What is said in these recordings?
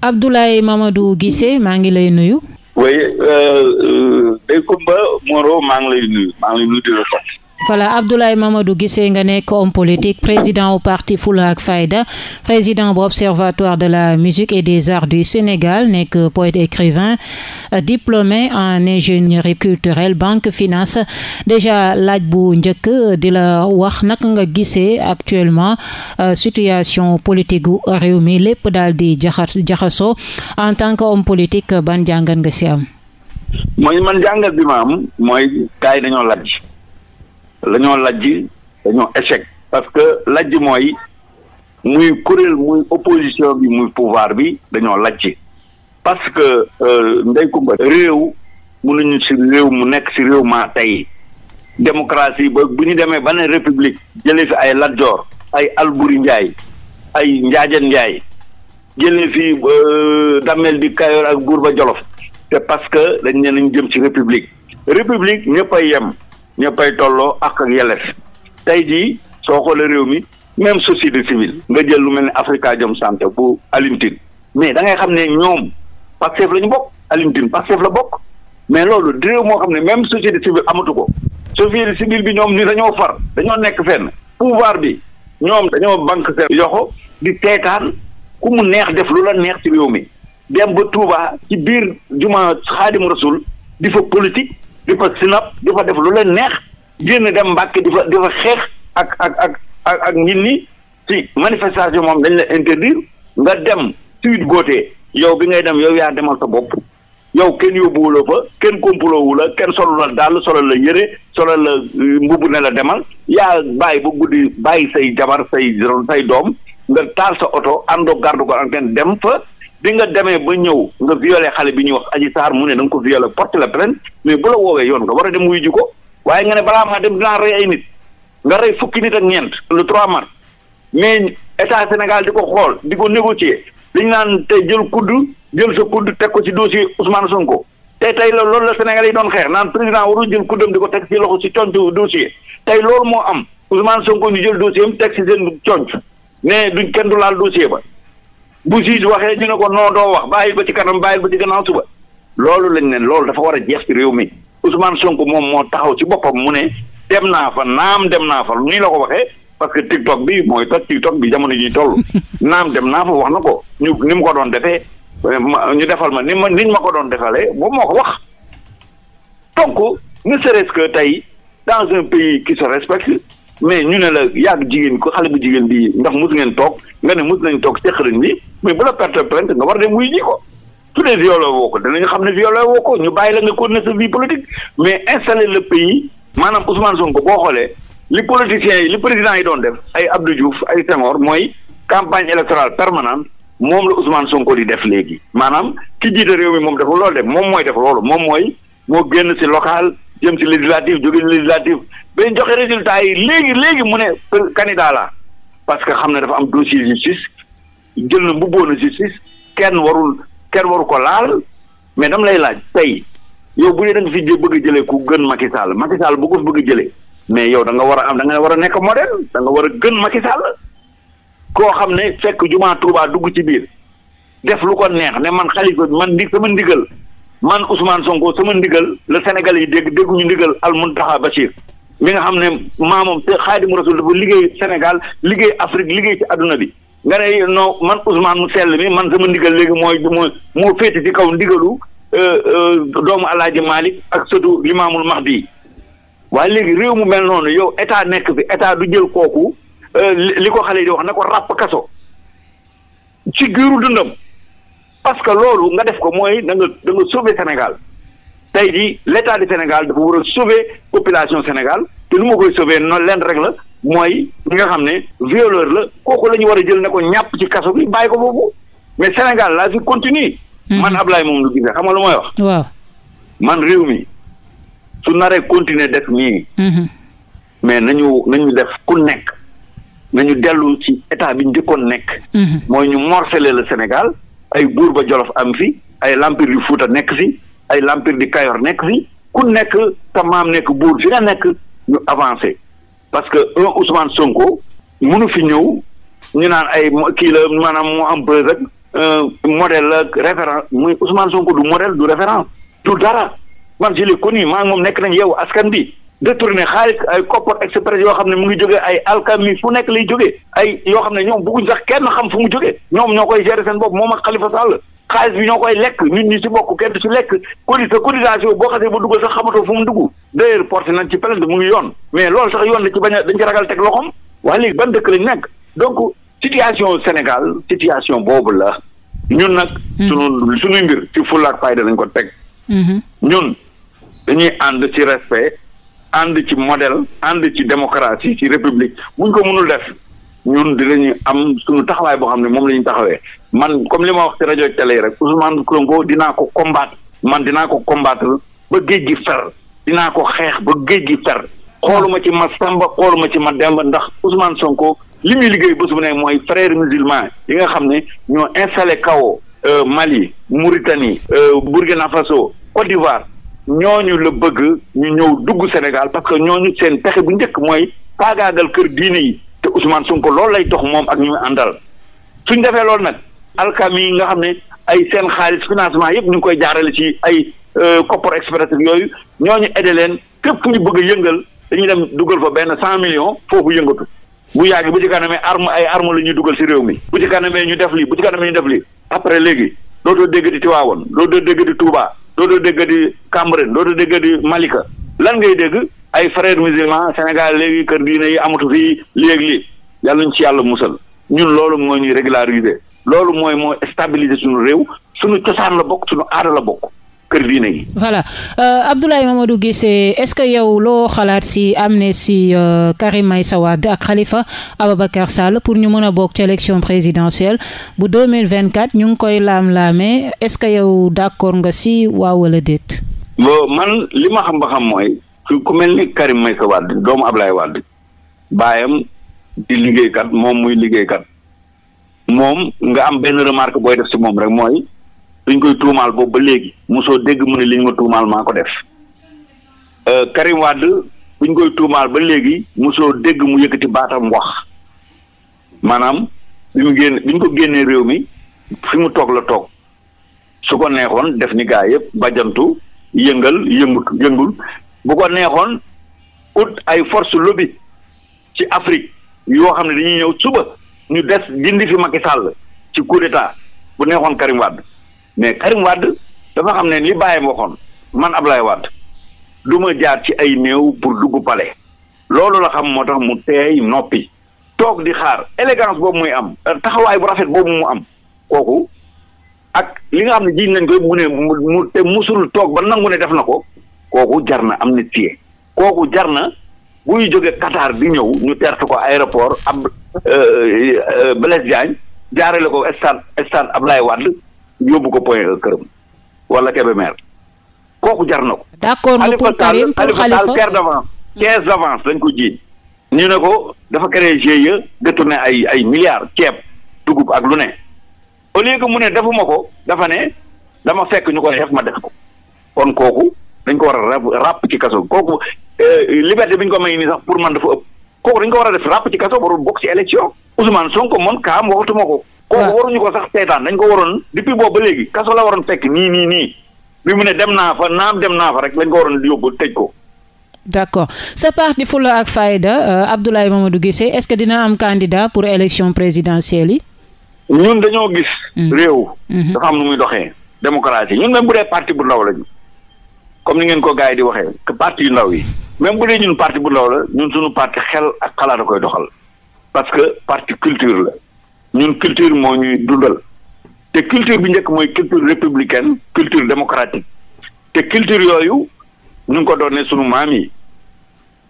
Abdoulaye Mamadou Guissé maa ngi lay nuyu. oui Ndeye euh, euh, Comba Moreau maa ngi lay nuyu maa ngi lay nuyu di voilà Abdoulaye Mamadou Guissé nga nekk homme politique président au parti Fulla ak Fayda président bu observatoire de la musique et des arts du Sénégal nekk poète écrivain diplômé en ingénierie culturelle banque finance déjà laaj bu njëkk di la wax nak nga gisee actuellement euh, situation politique gu réew mi lépp daal di jaxas jaxasoo en tant que politique ban jàngat nga si am. lañoo lajj dañoo échec parce que lajj mooy muy kuréel muy opposition bi muy pouvoir bi dañoo lajj parce que euh, ndey kumba réew mënuñu ci réew mu nekk si réew maa tey démocratie ba bu ñu demee ba ne république jëlee fi ay Lat Joor ay Alburi Njaay ay Njaajan Njaay jëlee fi euh, Damel di Kayoor ak Buur ba Jolof te parce que dañ ne nañ jëm si république république ñëpp ay yem ñëppay tolloo ak ak yelleef tey jii soo xoolee réew mi même société civile nga jël lu mel ne Afrikajom Center bu Alioune mais da ngay xam ne ñoom Pastef la ñu bokk Alioune Tine Pastef la bokk mais loolu réew moo xam ne même société civile amatu ko société civile bi ñoom ni dañoo far dañoo nekk fenn pouvoir bi ñoom dañoo banque seen yoxo di seetaan ku mu neex def lu la neex ci réew mi dem ba Touba ci biir juma Xaadimu Rasul di fa politique di fa sinap di fa def lu leen neex génn dem Mbàkke di fa di fa xeex ak ak ak ak ak nit ñi ci manifestation moom dañ la interdire nga dem suite gootee yow bi ngay dem yow yaa demal sa bopp yow kenn yóbbuwuloo fa kenn kompuloowu la kenn solu la dàll solal la yëre solo la euh, mbubb ne la demal yaa bàyyi ba guddi bàyyi say jabar say say doom nga taal sa oto àndoo garde ko ak dem fa bi nga demee ba ñëw nga violé xale bi ñuy wax Adji Sarr mu ne da nga ko violé porte la plainte mais bu la woowee yoon nga war a dem wuyu ji ko waaye nga ne balaa maa dem dinaa rey ay nit nga rey fukki nit ak ñeent le 3 mars mais état Sénégal di ko xool di ko négocier dañu naan te jël kudd jël sa kudd teg ko ci dossier Ousmane Sonko te tey la loolu la Sénégal yi doon xeex naan président warul jël kuddam di ko teg ci loxo ci conc dossier tey loolu moo am Ousmane Sonko ñu jël dossier am teg ci seen conc mais duñ kenn du laal dossier ba bu juge waxee ñu ne ko non doo wax bàyyi ba ci kanam bàyyi ba ci gannaaw suba loolu lañ ne loolu dafa war a jeex ci réew mi Ousmane Sonko moom moo taxaw ci boppam mu ne dem naa fa naam dem naa fa nii la ko waxee parce que TikTok bi mooy toj TikTok bi jamono ji toll naam dem naa fa wax na ko ñu ni mu ko doon defee ñu defal ma ni ma niñ ma ko doon defalee moom moo ko wax donc ne serait-ce tey dans un pays qui se respecte mais ñu ne la yàgg jigéen ko xale bu jigéen bi ndax mus ngeen toog nga ne mus nañ toog seqalañ bi mais bu la perte plainte nga war dem wuy ji ko su dee violé woo ko danañ xam ne violé woo ko ñu bàyyi la nga continuer sa vie politique mais installer le pays maanaam Ousmane Sonko boo xoolee li politiciens yi li président yi doon def ay Abdou Diouf ay Senghor mooy campagne électorale permanente moom la Ousmane Sonko di def léegi maanaam ki jiite réew mi moom dafa loolu def moom mooy def loolu moom mooy moo génn ci local jëm si législative jóge législative bañ joxe résultat yi léegi léegi mu ne candidat la parce que xam ne dafa am dossier justice jël na mbubboon na justice kenn warul kenn waru ko laal mais dama lay laaj tey yow bu dee da nga fi bëgg a jëlee ku gën Macky Sall Macky bu ko fi bëgg a jëlee mais yow danga war a am da nga war a nekk modèle da nga war a gën Macky Sall koo xam ne fekk jumaa Touba dugg ci biir def lu ko neex ne man xalifa man di sama ndigal man Ousmane Sonko sama ndigal la Sénégal yi dégg dégguñu ndigal al Muntaxa Bachir bi nga xam ne maamom te Xaadimu Rasul dafa liggéey Sénégal liggéey Afrique liggéey ci àdduna bi nga ne non man Ousmane mu sell mi man sama ndigal léegi mooy moo moo féete ci kaw ndigalu euh, euh, doomu Alaaji Malick ak sëtu Limaamul Mahdi waaye léegi réew mu mel noonu yow état nekk bi état du jël kooku euh, li ko xale di wax na ko ràpp kaso ci giiru dundam parce que loolu nga def ko mooy da nga da Sénégal tey jii l' état du Sénégal dafa war a sauver population Sénégal te nu ma koy sauver noonu leen rek la mooy ñi nga xam ne violeur la kooku la ñu war a jël ne ko ñàpp ci kaso bi bàyyi ko boobu mais Sénégal laa fi continue mm-hmm. man Ablaye moom lu gisee xam nga lu may wax. man réew mi su naree continuer def nii. Mm-hmm. mais nañu nañu def ku nekk nañu dellu ci état bi njëkkoon nekk. Mm-hmm. mooy ñu morceler le Sénégal. ay buur ba jolof am fi ay lampir yu fuuta nekk si ay lampir di kayor nekk fi ku nekk sa maam nekk buur fi nga nekk ñu avancé parce que un Ousmane Sonko mënu fi ñëw ñu naan ay kii la maanaam mu am buzz ak euh, modèle la référence muy Ousmane Sonko du modèle du référence du dara man je l'ai connu maa ngi moom nekk nañ yow askan bi détourné xaalis ay coppite express yoo xam ne mu ngi jógee ay alkami fu nekk lay jógee ay yoo xam ne ñoom bëgguñ sax kenn xam fu mu jógee ñoom ñoo koy gérer seen bopp moom ak Khalifa Sall xaalis bi ñoo koy lekk ñun ñi si bokk kenn du si lekk codi sa cotisation boo xasee ba dugg sax xamatoo fu mu dugg d'ailleurs porté nañ ci plainte mu ngi yoon mais loolu sax yoon da ci bañ a dañ ci ragal teg loxoom wax léegi ban dëkk lañ nekk donc situation Sénégal situation boobu la ñun nag. Hmm. sunu suñuy mbir ci fulla ak fayda ànd ci model ànd ci démocratie ci république buñ ko mënul def ñun dinañu am suñu taxawaay boo xam ne moom la ñu taxawee man comme li ma wax ci rajo ak télé rek Ousmane Sonko dinaa ko combattre man dina ko combattre ba géej gi fer dinaa ko xeex ba géej gi fer xooluma ci ma Samba xooluma ci ma Demba ndax Ousmane Sonko li muy liggéey bés bu ne mooy frères musulmans yi nga xam ne ñoo installer kaw euh, Mali Mauritanie euh, Burkina Faso Côte d'Ivoire ñooñu la bëgg ñu ñëw dugg Sénégal parce que ñooñu seen pexe bu njëkk mooy faagaagal kër diine yi te Ousmane ko loolu lay dox moom ak ñu àndal suñ defee loolu nag alkami yi nga xam ne ay seen xaalis financement yëpp ñu ngi koy jaarale ci ay euh, Kopor Express yooyu ñooñu aidé leen képp fu ñu bëgg yëngal dañuy dem dugal fa benn cent millions foofu yëngatu bu yàgg bu ci kanamee arme ay arme la ñuy dugal si réew mi bu ci kanamee ñu def lii bu ci kanamee ñu def lii après léegi doo doo dégg di Tiwaawoon doo dootoo déggati Cambérène dootoo déggati Malika lan ngay dégg ay frères musulmans Sénégal léegi kër diine yi amatu fii léegi lii yàlla ñu ci yàlla musal ñun loolu moo ñuy régulariser loolu mooy moo stabiliser suñu réew suñu cosaan la bokk suñu aada la bokk kër diine yi. voilà euh, Abdoulaye Mamadou Guissé est-ce que yow loo xalaat si amnistie euh, Karim Meïssa Wade ak Khalifa Ababacar Sall pour ñu mën a bokk ci élection présidentielle bu 2024 ñu ngi koy laam-laamee est-ce que yow d'accord nga si waaw wala déet. man li ma xam ba xam mooy ku mel ni Karim Meïssa Wade doomu Ablaye Wade baayam di liggéeykat moom muy liggéeykat moom nga am benn remarque booy def si moom rek mooy. dañ koy tuumaal boobu ba léegi mosoo dégg mun ne li ñu ma tuumaal maa ko def euh, Karim Wade buñ koy tuumaal ba léegi mosoo dégg mu yëkkati baatam wax maanaam bi mu génn bi ñu ko génnee réew mi fi mu toog la toog su ko neexoon def ni gaa yëpp bajantu yëngal yëngut yëngul bu ko neexoon ut ay force lobby ci Afrique yoo xam ne dañuy ñëw suba ñu des dindi fi Macky Sall ci coup bu neexoon Karim mais Karim Wade dafa xam ne li bàyyam waxoon man Ablaye Wade du ma jaar ci ay néew pour dugg pale loolu la xam moo tax mu teey noppi toog di xaar élégance boobu muy am taxawaay bu rafet boobu mu am kooku ak li nga xam ne jiiñ nañ koy mu ne mu te musul toog ba nangu ne def na ko kooku jar na am na tie kooku jar na buy jóge Qatar di ñëw ñu tertu ko aéroport ab euh, euh, Blaise Diagne jaarale ko stade stade lay Wade yóbbu ko point e këram wala Kébémer kooku jar na ko. d'accord pour Karim pour Khalifa Khalifa Sall d'avance. 15 hmm. lañ ko ji. ñu ne ko dafa créé de détourné ay ay milliards ceeb dugub ak lu ne au lieu que mu ne defuma ko dafa ne dama fekk ñu ko def ma def ko kon kooku dañ ko war a ràpp ci kaso kooku euh, liberté bi ñu ko may nii sax pour man dafa ëpp kooku dañ ko war a def ràpp ci kaso warul bokk ci élection Ousmane Sonko mën kaam waxatuma ko. kooku waruñu ko sax seetaan dañ ko waroon depuis boobu ba léegi kaso la waroon fekk nii nii nii bi mu ne dem naa fa naam dem naa fa rek dañ ko waroon yóbbu tëj ko. d'accord sa parti Fulla ak Fayda euh, Abdoulaye Mamadou Guissé est-ce que dina am candidat pour élection présidentielle yi. ñun dañoo gis. Mm. réew. Mm-hmm. dafa am nu muy doxee. démocratie ñun même bu dee parti bu ndaw lañu comme ni ngeen ko gars di waxee parti yu ndaw yi même bu dee ñun parti bu ndaw la ñun suñu parti xel ak xalaat a koy doxal parce que parti culture la. ñun culture moo ñuy dundal te culture bi njëkk mooy culture républicaine culture démocratique te culture yooyu ñu ngi ko doon ne sunu maam yi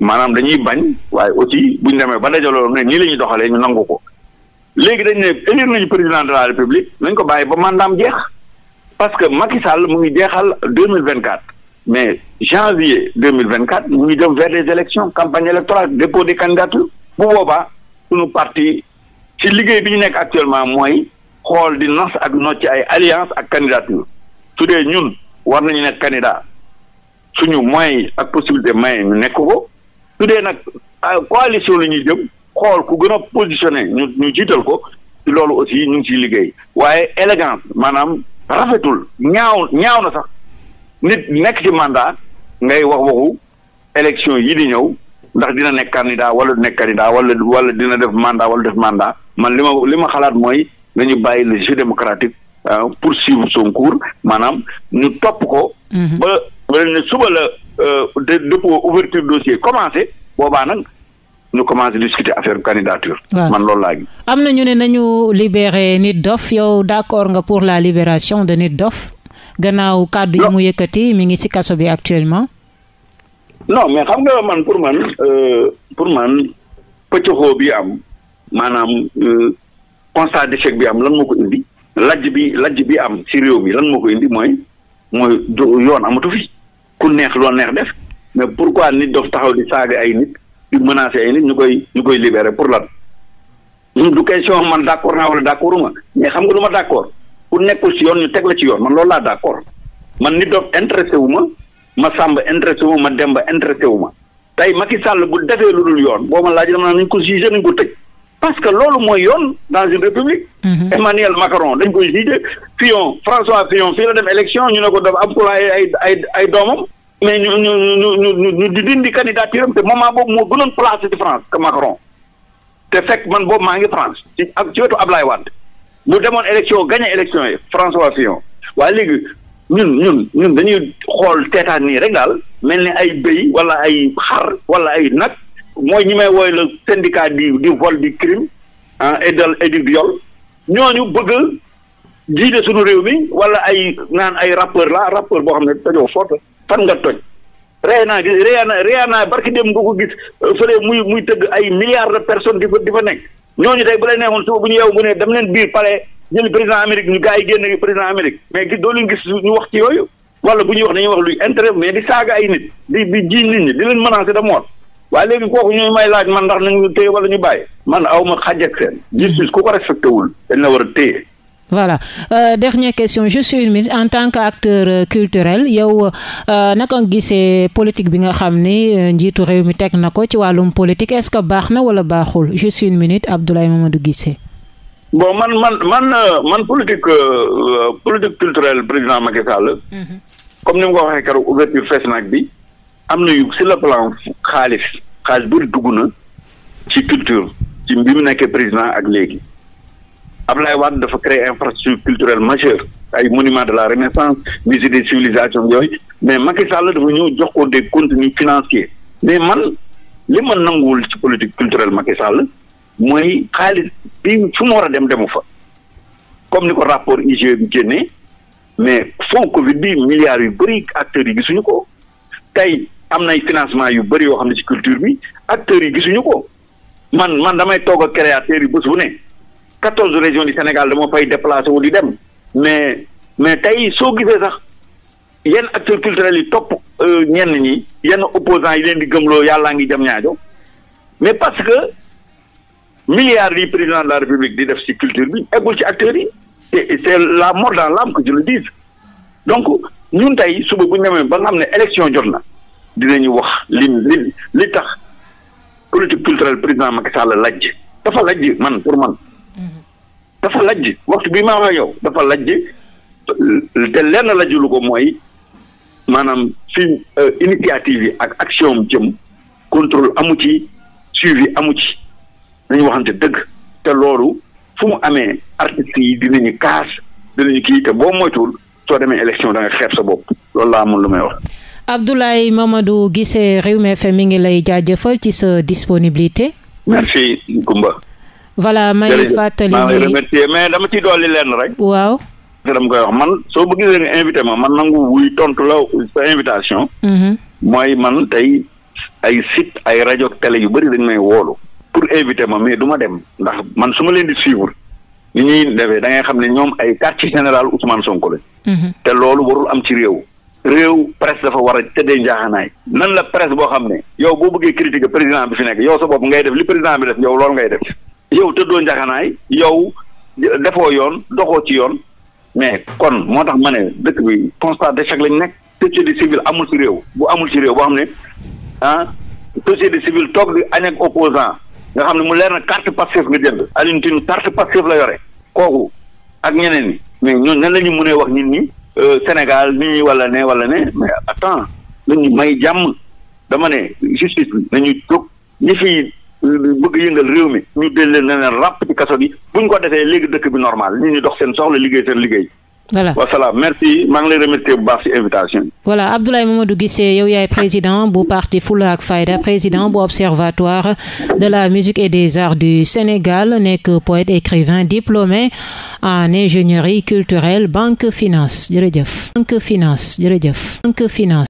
maanaam dañuy bañ waaye aussi bu ñu demee ba dajaloo ne nii la ñuy doxalee ñu nangu ko léegi dañ ne élire nañu président de la république nañ ko bàyyi ba mandaam jeex parce que Macky Sall mu ngi jeexal deux mille vingt quatre mais janvier deux mille vingt quatre mu ngi dem vers des élections campagne électorale dépôt des candidatures bu boobaa sunu ci liggéey bi ñu nekk actuellement mooy xool di nas ak nocci ay alliance ak candidature su dee ñun war nañu nekk candidat suñu moyens yi ak possibilité moyens ñu nekk ko su dee nag ah, coalition la ñuy jëm xool ku gën a positionné ñu ñu jiital ko ci loolu aussi ñu ngi ciy liggéey waaye élégance maanaam rafetul ñaaw ñaaw na sax nit nekk ci mandat ngay wax waxu élection yi di ñëw ndax dina nekk candidat wala du nekk candidat wala wala dina def mandat wala def mandat man li ma li ma xalaat mooy nañu bàyyi le jeu démocratique euh, poursuivre son cours maanaam ñu topp ko. Mhm. ba ba ne suba la euh, dépôt ouverture dossier commencé boobaa nag. ñu commencé discuter affaire candidature. Ouais. man loolu laa gis. am na ñu ne nañu libéré nit dof yow d'accord nga pour la liberation de nit dof gannaaw kàddu yi mu yëkkati mi ngi ci kaso bi actuellement. non mais xam nga man pour man euh, pour am maanaam di euh, d'échec bi am lan moo ko indi lajj bi lajj bi am ci réew mi lan moo ko indi mooy mooy yoon amatu fi ku neex loo neex def mais pourquoi nit dof taxaw di saaga ay nit di menacer ay nit ñu koy ñu koy libérer pour lan du question man d'accord naa wala d'accorduma mais xam nga lu ma d'accord ku nekkul ci yoon ñu teg la ci yoon man loolu laa d'accord man nit dof intéressé wu ma ma sàmba intéressé wu ma demba intéressé wu ma tey Macky Sall bu defee lu dul yoon boo ma laaj dama naan nañ ko jugé parce que loolu mooy yoon dans une république. Mhm. Emmanuel Macron dañ koy jugé Fillon François Fillon fii la dem élection ñu ne ko dafa ab ay ay ay ay doomam. mais ñu ñu ñu ñu ñu di dindi candidature te moment boobu moo gënoon placé ci France que Macron te fekk man boobu maa ngi France ci ak ci wetu Ablaye Wade bu demoon élection gagné élection yi François Fillon waaye léegi ñun ñun ñun dañuy xool teetaan nii rek daal mel ni ay béy wala ay xar wala ay nag mooy ñi may wooy le syndicat du du vol di crime ah et de ñoo ñu viol ñooñu bëgg jiite suñu réew mi wala ay naan ay rappeur la rappeur boo xam ne dañoo foot fan nga toj Rihanna gis Rihanna Rihanna barki dem nga ko gis euh, fële muy muy tëgg ay milliards de personnes di fa di fa nekk ñooñu tey bu la neexoon suba bu ñu yeewu bu ne dem leen biir palais jël président Amérique ñu gars yi génn président Amérique mais gis doo leen gis ñu wax ci yooyu wala bu ñuy wax dañuy wax luy ay nit di di jiiñ nit ñi di leen menacer de mort waaye léegi kooku ñuy may laaj man ndax nañu téye wala ñu bàyyi man aw ma seen justice ku ko respecté wul dañ la war a téye. voilà euh, question juste une minute en tant que euh, culturel yow euh, naka gisee politique bi nga xam ni euh, njiitu réew mi teg na ko ci wàllum politique est-ce que baax na wala baaxul juste une minute Abdoulaye Mamadou Guissé. bon man man man euh, man politique euh, président Macky Sall. Mm-hmm. comme ni mu ko waxee keroog ouverture fees naag am na yu sur le plan xaalis xaalis bu dugg na ci culture ci bi mu nekkee président ak léegi Ablaye Wade dafa créer infrastructure culturelle majeure ay monument de la renaissance musée des civilisations yooyu mais Macky Sall dafa ñëw jox ko de contenus financiers mais man li ma nanguwul ci politique culturel Macky Sall mooy xaalis bi fu mu war a dem demu fa comme ni ko rapport IGE bi génnee mais fonds Covid bi milliards yu bëri acteurs yi gisuñu ko tey am na nay financement yu bëri yoo xam ne ci culture bi acteur yi gisuñu ko man man damay toog ak créateurs yi bés bu ne quatorze régions du Sénégal dama fay déplacé wu di dem mais mais tey soo gisee sax yenn acteurs culturels yi topp euh, ñenn ñi yenn opposants yi leen di gëmloo yàllaa ngi jam ñaajo mais parce que milliards yi président de la république di def ci culture bi eggul ci acteurs yi te c'est la mort dans l'âme que je le dis donc ñun tey suba bu ñu demee ba xam ne élection jot na dina ñu wax li li li tax politique culturelle président Macky Sall lajj dafa lajj man pour man. dafa lajj waxtu bi ma wax yow dafa lajj te lenn lajjulu ko mooy maanaam fi euh, initiative yi ak action jëm contrôle amu ci suivi amu ci dañu waxante dëgg te loolu fu mu amee artistes yi dinañu kaas dinañu kii te boo moytuwul soo demee élection da nga sa bopp loolu laa amul lu may wax. Abdoulaye Mamadou Guissé Rewmi FM mi ngi lay jaajëfal ci sa disponibilité. merci Goumba. voilà may fàttali ni remercier mais dama ci dolli lenn rek. waaw. te koy wax man soo bëggee nga invité ma man nangu wuy tontu la sa invitation. Mhm. mooy man tey ay site ay rajo tele yu bëri dañ may woolu pour invité ma mais du ma dem ndax man su ma leen di suivre ni ñuy defee da ngay xam ne ñoom ay quartier général Ousmane Sonko la. Mhm. te loolu warul am ci réew. réew presse dafa war a tëddee njaaxanaay nan la presse boo xam ne yow boo bëggee critiquer président bi fi nekk yow sa bopp ngay def li président bi def yow loolu ngay def yow tëddoo njaaxanaay yow defoo yoon doxoo ci yoon mais kon moo tax ma ne dëkk bi constat d'échec lañ nekk société civile amul ci réew bu amul ci réew boo xam ne ah société civile toog di añ ak opposant nga xam ne mu leer na carte Pastef nga jënd Alioune Tine carte la yore kooku ak ñeneen ñi mais ñooñu nan la ñu mënee wax nit ñi Euh, Sénégal ni ñuy wala ne wala ne mais attends nañu may jàmm dama ne justice bi nañu jóg ñi fi euh, bëgg yëngal réew mi ñu delleen na leen ràpp ci kaso bi buñ ko defee léegi dëkk bi normal ñu ñu dox seen soxla liggéey seen liggéey voilà wasalaam merci maa ngi lay remercier bu baax ci voilà Abdoulaye Mamadou Guissé yow yaay président bu parti Fulla ak Fayda président bu observatoire de la musique et des arts du Sénégal nekk poète écrivain diplômé en ingénierie culturelle banque finance jërëjëf banque finance jërëjëf banque finance